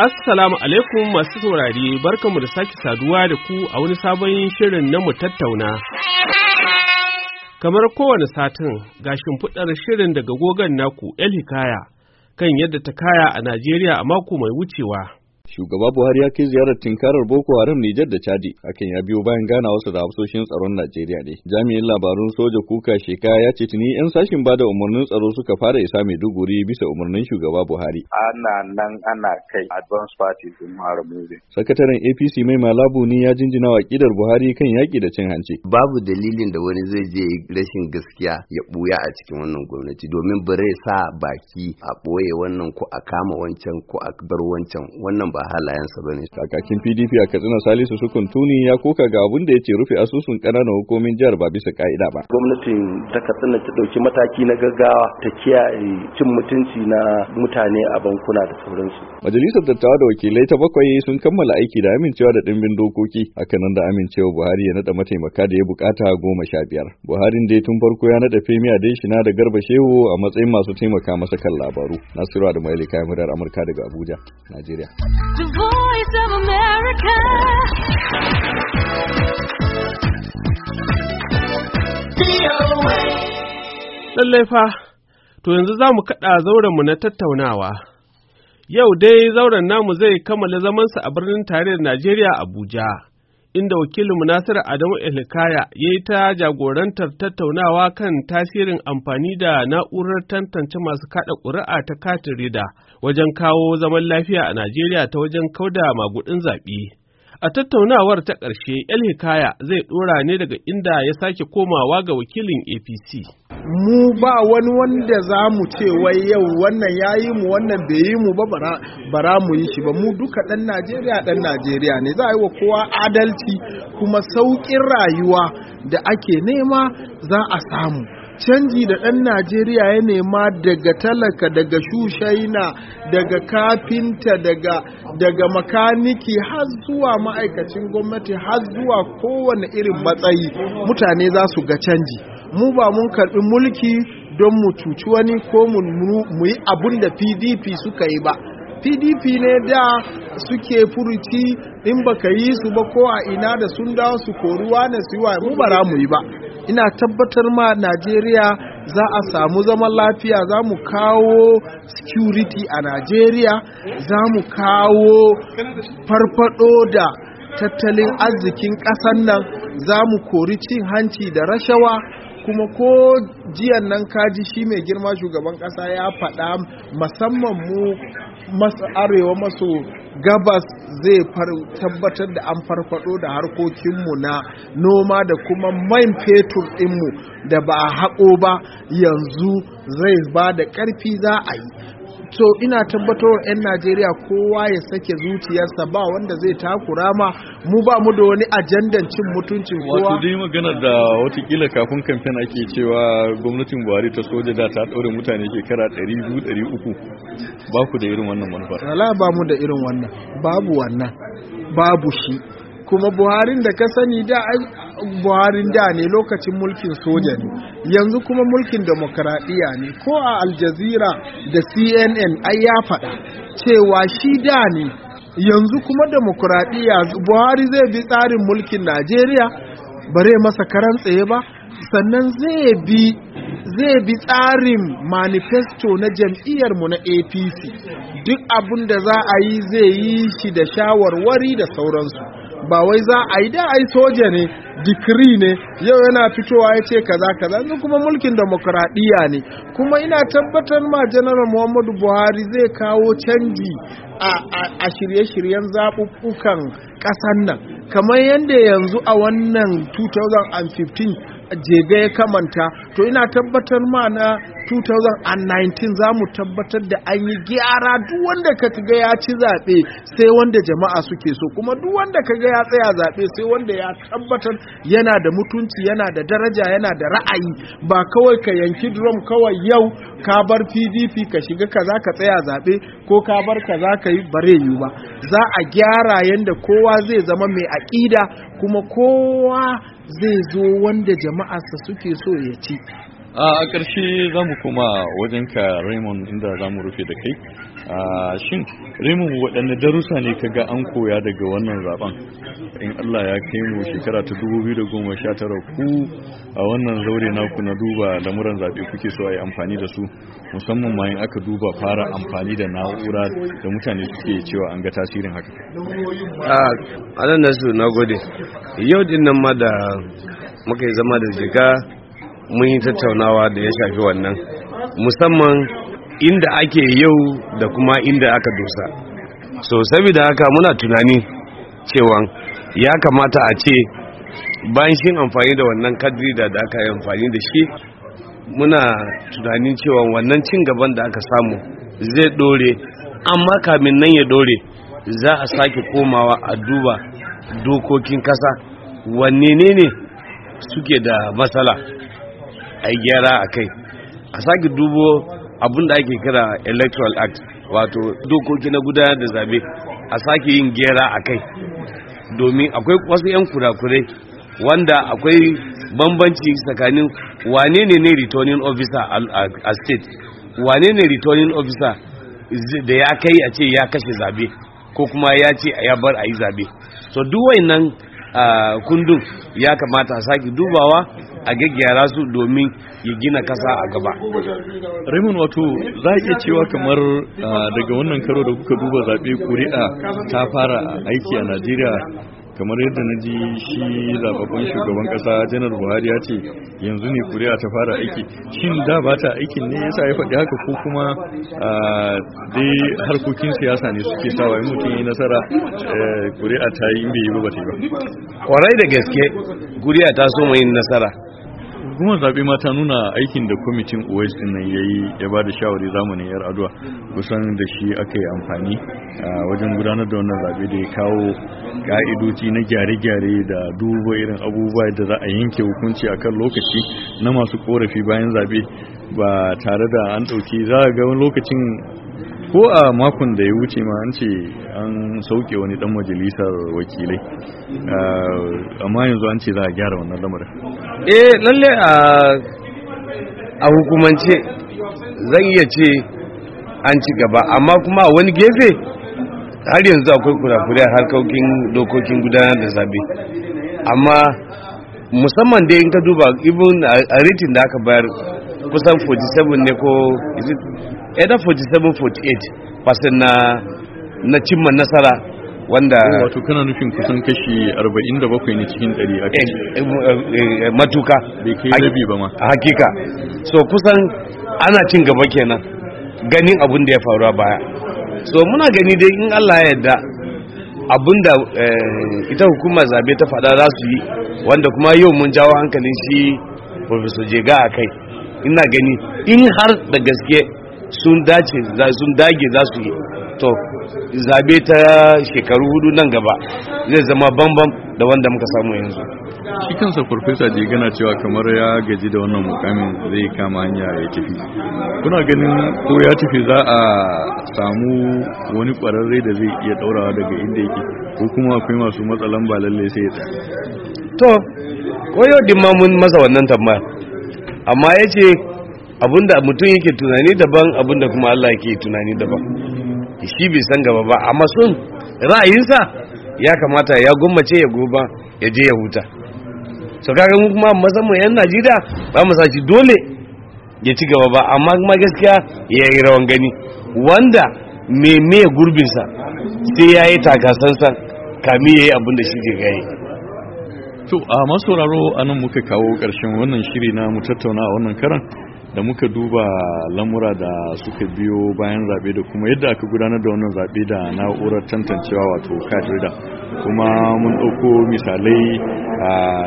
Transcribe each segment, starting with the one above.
Assalamu alaikum masu saurari barkanmu da sake saduwa da ku a wani sabon shirin na mu tattauna. Kamar kowane satin ga shimfiɗar shirin daga gogon naku El Hikaya kan yadda ta kaya a Najeriya a mako mai wucewa. Shugaba Buhari ya kai ziyarar tinkarar Boko Haram Nijar da Chadi, hakan ya biyo bayan wasu da hafsoshin tsaron Najeriya ne. Jami'in labarun soja kuka Shekara ya ce tuni 'yan sashin bada umarnin tsaro suka fara isa mai Maiduguri bisa umarnin shugaba Buhari. Ana nan ana kai advance party sun fara Sakataren APC mai malabu ne ya jinjina wa kidar Buhari kan yaki da cin hanci. Babu dalilin da wani zai je rashin gaskiya ya buya a cikin wannan gwamnati domin bare sa baki a boye wannan ko a kama wancan ko a bar wancan wannan ba ba halayensa bane kakakin PDP a Katsina Salisu Sukun Tuni ya koka ga abun da ya ce rufe asusun kananan hukumomin jihar ba bisa ka'ida ba gwamnatin ta Katsina ta dauki mataki na gaggawa ta kiyaye cin mutunci na mutane a bankuna da sauransu majalisar dattawa da wakilai ta bakwai sun kammala aiki da amincewa da dimbin dokoki hakanan da amincewa Buhari ya nada mataimaka da ya bukata goma sha biyar Buharin ya tun farko ya nada Femi Adeshina da Garba Shehu a matsayin masu taimaka masa kan labaru Nasiru Adamu Ali kayan murar Amurka daga Abuja Najeriya the voice of America. Lallai fa, to yanzu za mu kaɗa zaurenmu na tattaunawa. Yau dai zauren namu zai kammala zamansa a birnin tarayyar Najeriya Abuja. inda wakilinmu nasir Adamu Elkaya ya yi ta jagorantar tattaunawa kan tasirin amfani da na'urar tantance masu kada ƙuri'a ta katin rida wajen kawo zaman lafiya a Najeriya ta wajen kauda magudin zaɓe. A tattaunawar ta ƙarshe, El Hikaya zai ɗora ne daga inda ya sake komawa ga wakilin APC. Mu ba wani wanda za mu ce wai yau wannan ya yi mu wannan bai yi mu ba bara mu yi shi ba mu duka ɗan Najeriya ɗan Najeriya ne za a yi wa kowa adalci kuma sauƙin rayuwa da ake nema za a samu. canji da ɗan najeriya ya nema daga talaka daga shushaina daga kafinta daga daga makaniki har zuwa ma'aikacin gwamnati har zuwa kowane irin matsayi mutane za su ga canji mu ba mun karɓi mulki don mu cuci wani ko mu yi abun da pdp suka yi ba pdp ne da suke furuci in baka yi su ba ko a ina da sun dawo su koruwa na siwa a mu ba mu yi ba ina tabbatar ma najeriya za a samu zaman lafiya za mu kawo security a najeriya za mu kawo farfado da tattalin arzikin ƙasan nan za mu kori cin hanci da rashawa kuma ko jiyan nan kaji shi mai girma shugaban ƙasa ya faɗa musamman mu masu arewa maso gabas zai tabbatar da an farfado da harkokinmu na noma da kuma man fetur ɗinmu da ba a haƙo ba yanzu zai ba da ƙarfi za a yi so ina tabbatar 'yan najeriya kowa ya sake zuciyarsa ba wanda zai takura ma mu ba mu da wani ajandan cin mutuncin kowa wato dai magana da watakila kafin kamfen ake cewa gwamnatin buhari ta soja da ta ɗaure mutane shekara 200-300 ba ku da irin wannan manufa wala ba mu da irin wannan babu wannan babu shi kuma buharin da ka sani da buharin da ne lokacin mulkin soja ne yanzu kuma mulkin demokaradiyya ne ko a aljazira da cnn ai ya faɗa cewa shi da ne yanzu kuma demokaradiyya buhari zai bi tsarin mulkin najeriya bare masa karan tsaye ba sannan zai bi tsarin manifesto na jam'iyyarmu na apc duk abin da za a yi zai yi shi da shawarwari da sauransu ba wai za a yi da yi soja ne dikiri ne yau yana fitowa ya ce kaza kaza yanzu kuma mulkin demokuraɗiyya ne kuma ina tabbatar ma janar muhammadu buhari zai kawo canji a shirye-shiryen zaɓuɓɓukan ƙasan nan kamar yadda yanzu a wannan 2015 jebe ya kamanta to ina tabbatar ma na 2019 za mu tabbatar da an yi gyara duk wanda ka ga ya ci zaɓe sai wanda jama'a suke so kuma duk wanda ka ga ya tsaya zaɓe sai wanda ya tabbatar yana da mutunci yana da daraja yana da ra'ayi ba kawai ka yanki drum kawai yau ka bar pdp ka shiga kaza ka tsaya zaɓe ko ka bar kaza ka yi bare yi ba za a gyara yadda kowa zai zama mai aƙida kuma kowa zai zo wanda jama'arsa suke so ya ci a ƙarshe za mu wajen ka raymond inda za mu rufe da kai shin raymond waɗanne darussa ne ka ga an koya daga wannan zaben in allah ya kai mu shekara ta 2019 ku a wannan zaure naku na duba lamuran zaɓe kuke so a yi amfani da su musamman ma in aka duba fara amfani da na'ura da mutane suke cewa an ga tasirin haka a nan na gode yau din nan ma da muka yi zama da jika mun yi tattaunawa da ya shafi wannan musamman inda ake yau da kuma inda aka dosa so saboda haka muna tunani cewa ya kamata a ce bayan shi amfani da wannan kadri da aka yi amfani da shi muna tunanin cewa wannan cin gaban da aka samu zai dore amma kamin nan ya dore za a sake komawa a duba dokokin kasa wanne ne suke da matsala a gyara a kai a sake dubo abin da ake kira electoral act wato dokoki na gudanar da zabe a sake yin gyara a kai domin akwai wasu 'yan kurakure wanda akwai bambanci tsakanin wane ne ne returning officer a state wane ne returning officer da ya kai a ce ya kashe zabe ko kuma ya ce ya bar a yi zabe so duwai nan ah, kundin ya kamata a sake dubawa a gaggyara su domin ya gina kasa a gaba. Raymond wato za iya cewa kamar ah, daga wannan karo da kuka duba zaɓe kuri'a ta fara aiki a Najeriya kamar yadda na ji shi zababban shugaban kasa janar buhari ya ce yanzu ne kuri'a ta fara aiki shin da ba ta aikin ne yasa ya faɗi haka ko kuma ah, dai harkokin siyasa ne suke sawa in mutum yi nasara kuri'a eh, ta yi bai yi ba ta yi ba kwarai da gaske kuri'a ta so yin nasara hukumar zaɓe ma ta nuna aikin da kwamitin OS din nan yayi ya ba da shawari zamanin yar aduwa kusan da shi aka yi amfani a wajen gudanar da wannan zaɓe da ya kawo ka'idoci na gyare-gyare da duba irin abubuwa da za a yanke hukunci akan lokaci na masu korafi bayan zaɓe ba tare da an ɗauki za a ga wani lokacin ko a makon da ya wuce ma an ce an sauke wani dan majalisar wakilai ah, amma yanzu an ce za a gyara wannan lamarin eh lalle a hukumance zan iya ce an ci gaba amma kuma wani gefe har yanzu akwai kurakurai harkokin dokokin gudanar da zabe amma musamman dai in ka duba ibin a ritin da aka bayar kusan 47 ne ko either 47-48 percent na na cimma nasara wanda oh, wato kana nufin kusan kashi 47 ne cikin 100 eh, eh, eh, matuka bai kai rabi ba ma hakika so kusan ana cin gaba kenan ganin abin da ya faru a baya so muna gani dai in Allah ya yarda abinda ita hukumar zabe ta faɗa za su yi wanda kuma yau mun jawo hankalin shi professor jega a kai ina gani in har da gaske sun dace sun dage za su yi to zabe ta shekaru hudu nan gaba zai zama bambam da wanda muka samu yanzu shi kansa farfesa da gana cewa kamar ya gaji da wannan mukamin zai kama hanya ya tafi kuna ganin ko ya tafi za a samu wani kwararre da zai iya daurawa daga inda yake ko kuma akwai masu matsalan ba lalle sai ya tsaya to koyo dimma mun masa wannan tambaya amma yace abinda mutum yake tunani daban abinda kuma Allah yake tunani daban shi bai san gaba ba amma sun ra'ayinsa ya kamata ya gummace ya goba ya je ya huta so kaga mu kuma mazan mu yan Najeriya ba mu saki dole ya ci gaba ba amma kuma gaskiya ya yi rawan gani wanda me me gurbinsa sai ya yi takasansa kami ya yi abinda shi ke gaye To a masauraro a nan muka kawo ƙarshen wannan shiri na mu tattauna wannan karan da muka duba lamura da suka biyo bayan zaɓe da kuma yadda aka gudanar da wannan zaɓe da na'urar tantancewa wato kadirda kuma mun ɗauko misalai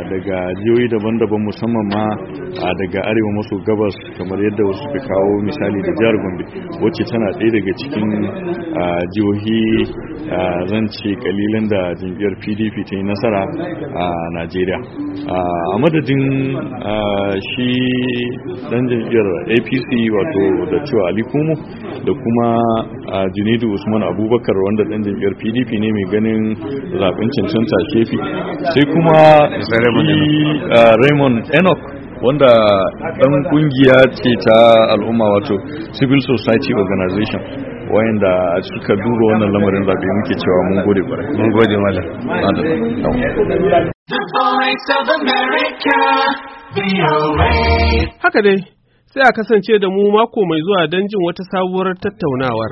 daga jihohi daban-daban musamman ma daga arewa maso gabas kamar yadda wasu ka kawo misali da jihar gombe wacce tana ɗaya daga cikin jihohi zan ce kalilan da jam'iyyar pdp ta yi nasara a najeriya a madadin shi ɗan jam'iyyar kungiyar apc wato da cewa ali kumu da kuma a junaidu usman abubakar wanda dan jam'iyyar pdp ne mai ganin zaben cancanta kefi sai kuma raymond enoch wanda dan kungiya ce ta al'umma wato civil society organization wayanda suka duba wannan lamarin zabe muke cewa mun gode bare mun gode Haka dai sai a kasance da mu mako mai zuwa don jin wata sabuwar tattaunawar.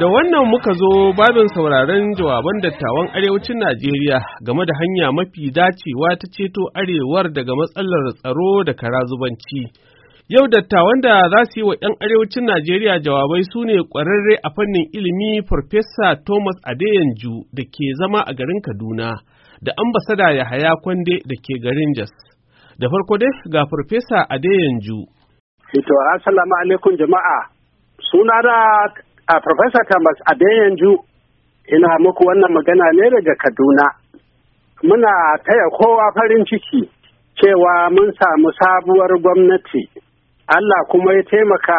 Da wannan muka zo babin sauraron jawaban dattawan arewacin Najeriya game da hanya mafi dacewa ta ceto arewar daga matsalar tsaro da karazubanci. Yau dattawan da za su yi wa 'yan arewacin Najeriya jawabai su ne ƙwararre a fannin ilimi Farfesa Thomas Adeyanju da ke zama a garin Kaduna da ambasada Yahaya Kwande da ke garin Jos. Da farko dai ga Farfesa Adeyanju. Fito, Assalamu alaikum jama'a. Suna da a Farfesa Thomas Adeyanju ina muku wannan magana ne daga Kaduna. Muna taya kowa farin ciki cewa mun samu sabuwar gwamnati Allah kuma ya taimaka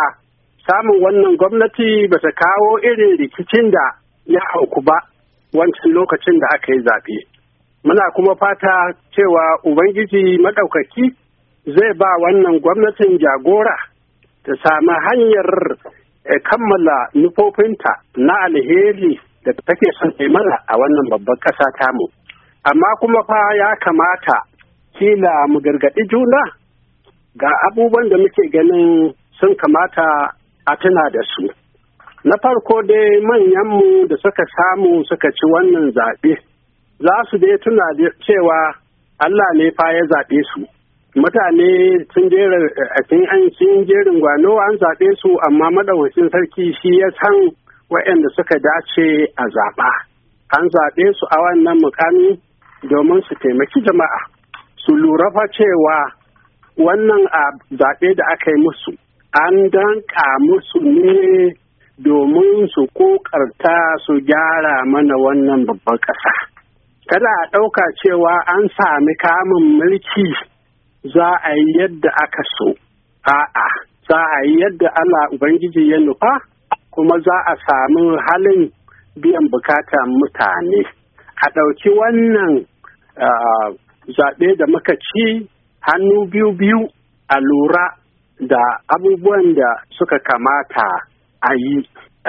samun wannan gwamnati ba ta kawo irin rikicin da ya auku ba wancan lokacin da aka yi zaɓe. Muna kuma fata cewa Ubangiji maɗaukaki zai ba wannan gwamnatin jagora ta sami hanyar eh, kammala nufofinta na alheri da take son mana a wannan babban ƙasa tamu. Amma kuma fa ya kamata kila mu gargaɗi juna ga abubuwan da muke ganin sun kamata a tuna da su na farko dai manyanmu da suka samu suka ci wannan zaɓe za su dai tuna cewa allah ne fa ya zaɓe su mutane sun jera eh, an sun jerin gwano an zaɓe su amma madawacin sarki shi ya san waɗanda suka dace a zaɓa an zaɓe su a wannan mukami domin su taimaki jama'a su lura fa cewa wannan a zaɓe da aka yi musu an danka musu ne domin su kokarta su gyara mana wannan babban ƙasa kada a ɗauka cewa an sami kamun mulki za a yi yadda aka so a'a za a yi yadda Allah Ubangiji ya nufa kuma za a sami halin biyan bukata mutane a ɗauki wannan ah, zaɓe da muka ci hannu biyu biyu a lura da abubuwan da suka kamata a yi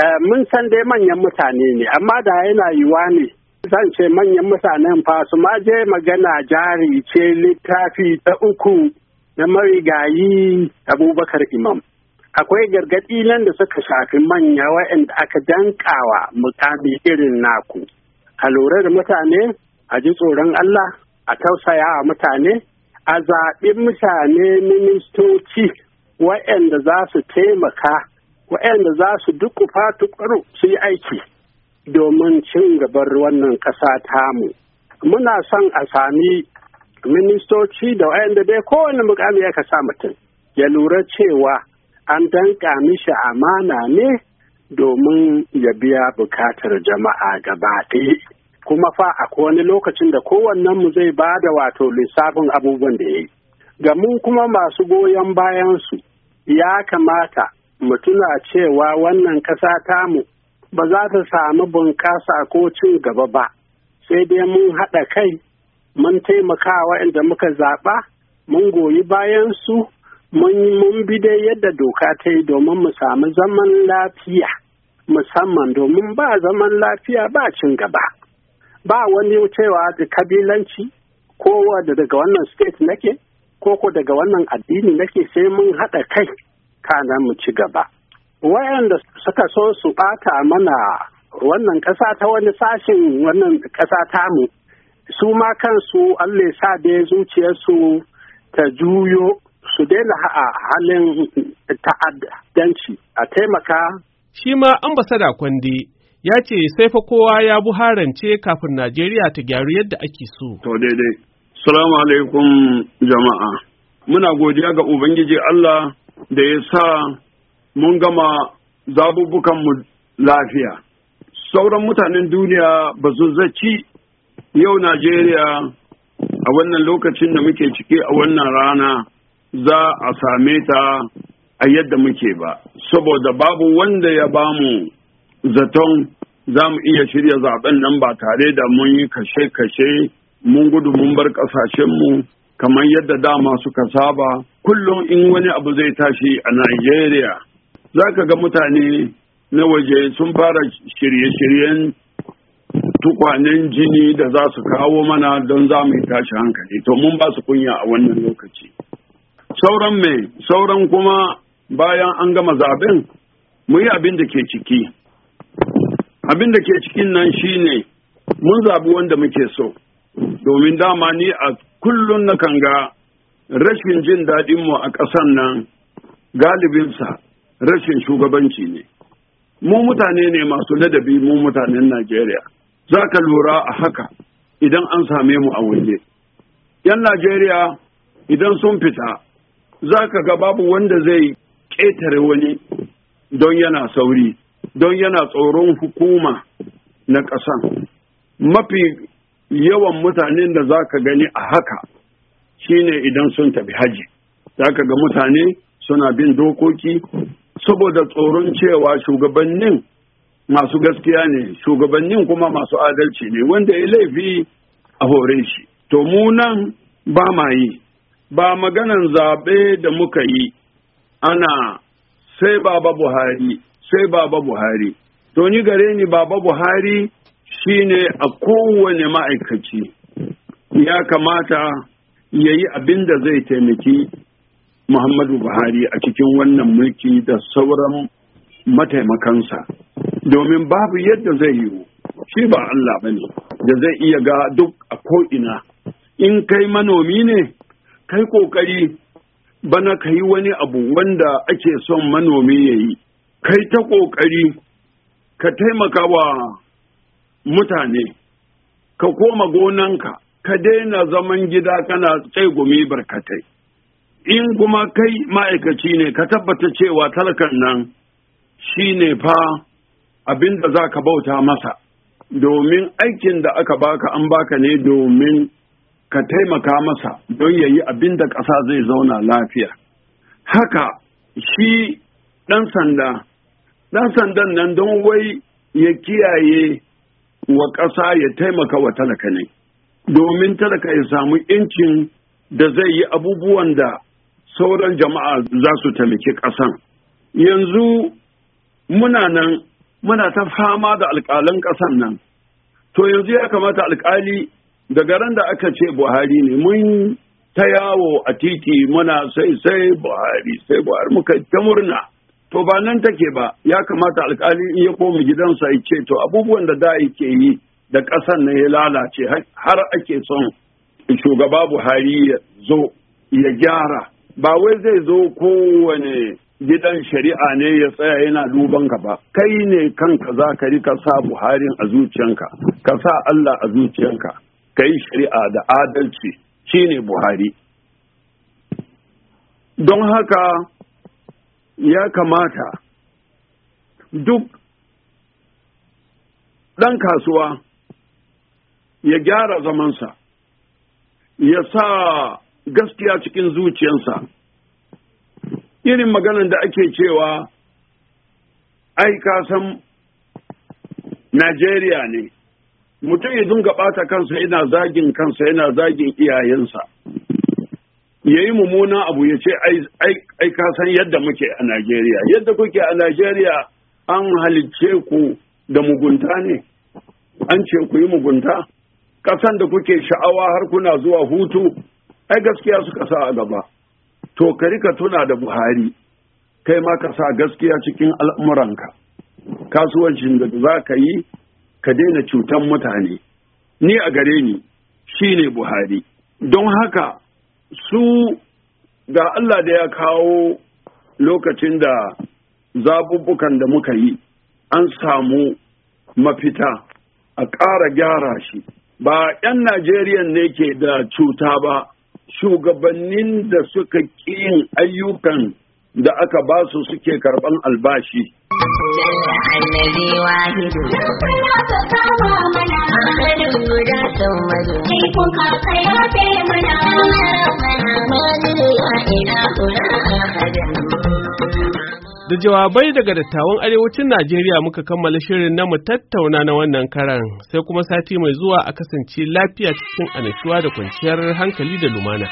eh, mun san dai manyan mutane ne amma da yana yiwa ne zan ce manyan mutanen fa su ma je magana jari ce littafi ta uku na marigayi abubakar imam akwai gargaɗi nan da suka shafi manya waɗanda aka dankawa mukami irin naku a lura da mutane a ji tsoron Allah a tausaya wa mutane a zaɓi mutane ministoci waɗanda za su taimaka waɗanda za su dukufa tukaru su yi aiki domin cin gabar wannan ƙasa tamu muna son a sami ministoci da waɗanda dai kowane mukami ya sa mutum ya lura cewa an danƙa mishi amana ne domin ya biya bukatar jama'a gaba ɗaya kuma fa a wani lokacin da kowannen mu zai ba da wato lissafin abubuwan da ya yi ga mu kuma masu goyon bayansu ya kamata mu tuna cewa wannan ƙasa mu ba za ta samu bunƙasa ko cin gaba ba sai dai mun haɗa kai mun taimaka inda muka zaɓa mun goyi bayansu mun bi dai yadda doka ta yi domin mu sami zaman lafiya musamman domin ba zaman lafiya ba cin gaba. ba wani cewa da kabilanci ko daga wannan state nake ko ko daga wannan addini nake sai mun haɗa kai kana mu ci gaba wayanda suka so su ɓata mana wannan ƙasa ta wani sashen wannan ƙasa mu, su ma kansu Allah ya sa da zuciyarsu ta juyo su daina a halin ta'addanci a taimaka. Shi ma ambasada kwande ya ce sai fa kowa ya buharance kafin Najeriya ta gyaru yadda ake so. To daidai. Salamu alaikum jama'a. Muna godiya ga Ubangiji Allah da ya sa mun gama zabubbukanmu lafiya. Sauran mutanen duniya ba su zaci yau Najeriya a wannan lokacin da muke ciki a wannan rana za a same ta a yadda muke ba, saboda babu wanda ya bamu zaton za mu iya shirya zaben nan ba tare da mun yi kashe-kashe mun gudu mun bar ƙasashenmu kamar yadda dama suka saba kullum in wani abu zai tashi a Najeriya za ka ga mutane na waje sun fara shirye-shiryen tukwanen jini da za su kawo mana don za mu yi tashi hankali to mun ba su kunya a wannan lokaci sauran mai sauran kuma bayan an gama zaben mu yi abin da ke ciki abin da ke cikin nan shine mun zabi wanda muke so domin dama ni a kullum na kan ga rashin jin daɗinmu a ƙasan nan galibinsa rashin shugabanci ne mu mutane ne masu ladabi mu mutanen najeriya za ka lura a haka idan an same mu a waje yan najeriya idan sun fita za ka ga babu wanda zai ƙetare wani don yana sauri don yana tsoron hukuma na ƙasa mafi yawan mutanen da za ka gani a haka shine idan sun tafi haji za ka ga mutane suna bin dokoki saboda tsoron cewa shugabannin masu gaskiya ne shugabannin kuma masu adalci ne wanda ya laifi a hore shi to mu nan ba ma yi ba maganan zaɓe da muka yi ana sai baba buhari sai baba buhari to ni gare ni baba buhari shine a kowane ma'aikaci ya kamata ya yi abin da zai taimaki muhammadu buhari a cikin wannan mulki da sauran mataimakansa domin babu yadda zai yiwu shi ba Allah ba ne da zai iya ga duk a ko'ina in kai manomi ne kai kokari bana ka yi wani abu wanda ake son manomi ya yi kai ta ƙoƙari ka taimaka wa mutane ka koma gonanka ka daina zaman gida kana tsegumi barkatai in kuma kai ma'aikaci ne ka tabbata cewa talakan nan shi ne fa abin da za ka bauta masa domin aikin da aka baka an baka ne domin ka taimaka masa don ya yi abin da ƙasa zai zauna lafiya haka shi ɗan sanda ɗan sandan nan don wai ya kiyaye wa ƙasa ya taimaka wa talaka ne domin talaka ya samu incin da zai yi abubuwan da sauran jama'a za su taimaki ƙasan yanzu muna nan muna ta fama da alƙalan ƙasan nan to yanzu ya kamata alƙali da ran da aka ce buhari ne mun ta yawo a titi muna sai sai buhari sai buhari muka ta murna to ba nan take ba ya kamata alkali in ya koma gidansa ya ce to abubuwan da da yake yi da ƙasan na ya lalace har ake son shugaba buhari ya zo ya gyara ba wai zai zo kowane gidan shari'a ne ya tsaya yana duban ka ba kai ne kanka za ka rika sa buharin a zuciyanka ka sa allah a zuciyanka ka yi shari'a da adalci shine buhari don haka ya kamata duk ɗan kasuwa ya gyara zamansa ya sa gaskiya cikin zuciyarsa irin maganan da ake cewa ai san najeriya ne mutum ya dunga ɓata kansa yana zagin kansa yana zagin iyayensa ya yi mummuna abu ya ce ai ka san yadda muke a Najeriya yadda kuke a Najeriya an halicce ku da mugunta ne an ce ku yi mugunta ƙasan da kuke sha'awa har kuna zuwa hutu ai gaskiya suka sa a gaba to kari ka tuna da Buhari kai ma ka sa gaskiya cikin al'amuranka kasuwancin da za ka yi ka daina cutan mutane ni a gare ni Shi ne Buhari don haka su ga Allah da ya kawo lokacin da zaɓuɓɓukan da muka yi an samu mafita a ƙara gyara shi ba 'yan Najeriya ne ke da cuta ba shugabannin da suka ƙi yin ayyukan da aka ba su suke karɓan albashi. annabi wahidu Da jawabai daga dattawan arewacin Najeriya muka kammala shirin na mu tattauna na wannan karan sai kuma sati mai zuwa a kasance lafiya cikin annashuwa da kwanciyar hankali da lumana.